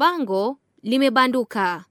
Bango limebanduka.